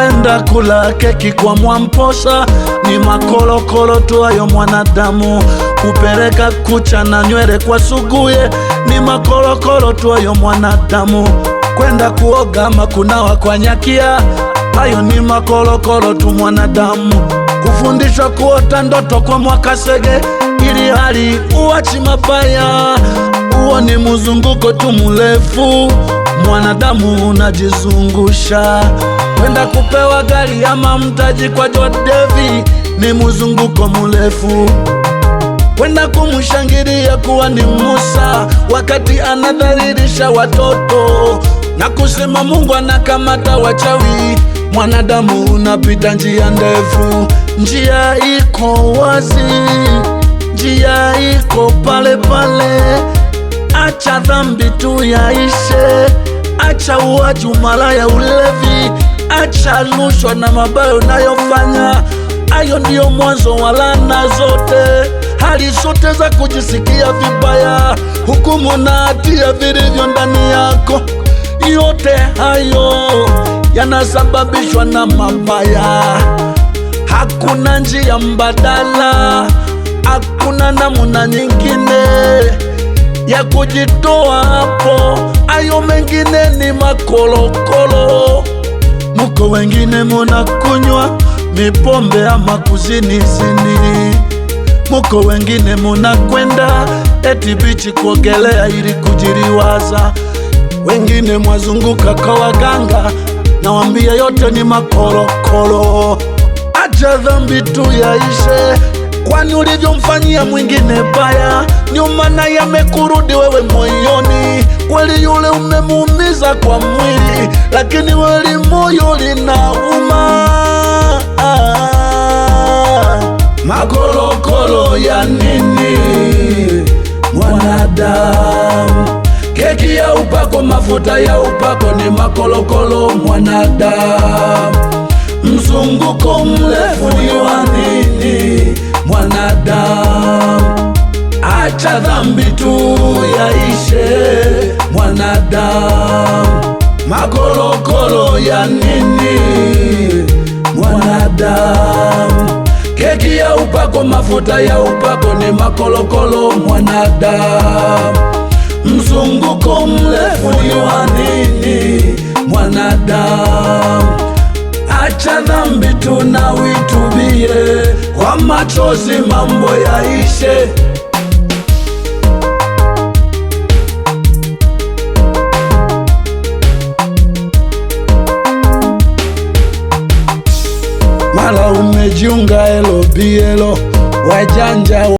kwenda kula keki kwa Mwamposa ni makolokolo tu ayo mwanadamu, kupereka kucha na nywele kwa Suguye ni makolokolo tu ayo mwanadamu, kwenda kuoga makunawa kwa Nyakia ayo ni makolokolo tu mwanadamu, kufundishwa kuota ndoto kwa Mwakasege ili hali uwachi mabaya, uwo ni muzunguko tu mulefu mwanadamu unajizungusha kwenda kupewa gari ama mtaji kwa Devi ni muzunguko murefu kwenda kumshangilia kuwa ni Musa wakati anadhalilisha watoto na kusema Mungu anakamata wachawi. Mwanadamu unapita njia ndefu, njia iko wazi, njia iko pale pale, acha dhambi tu yaishe acha uwaji, umalaya, ulevi, acha rushwa na mabayo unayofanya. Hayo ndiyo mwanzo wa laana zote, hali zote za kujisikia vibaya, hukumu na hatia vilivyo ndani yako. Yote hayo yanasababishwa na mabaya. Hakuna njia mbadala, hakuna namuna nyingine ya kujitoa hapo, ayo mengine ni makolokolo. Muko wengine munakunywa mipombe ama kuzinizini, muko wengine munakwenda eti bichi kuogelea ili kujiriwaza, wengine mwazunguka kwa waganga, nawambia yote ni makolokolo. Acha dhambi tu yaishe kwani ulivyomfanyia mwingine baya, ndio maana yamekurudi wewe moyoni. Kweli yule umemuumiza kwa mwili, lakini weli moyo linauma. Makorokoro ya nini mwanadamu? Keki ya upako, mafuta ya upako ni makolokolo mwanadamu. Mzunguko mrefu ni wa nini? mwanadamu, acha dhambi tu yaishe mwanadamu, makolokolo ya nini mwanadamu, keki ya upako, mafuta ya upako ni makolokolo mwanadamu, mzunguko mrefu ni wa nini mwanadamu, acha dhambi tu na witubie kwa machozi mambo yaishe. Mala umejiunga elo bielo wajanja